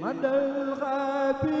madal xabi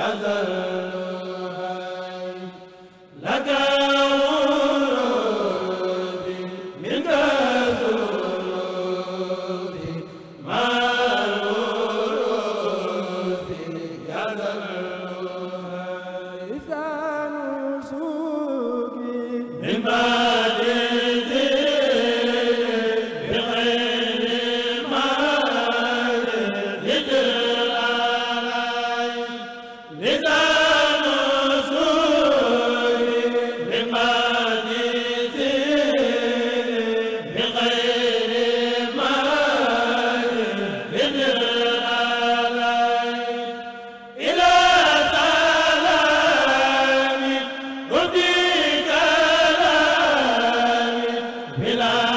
yaa bila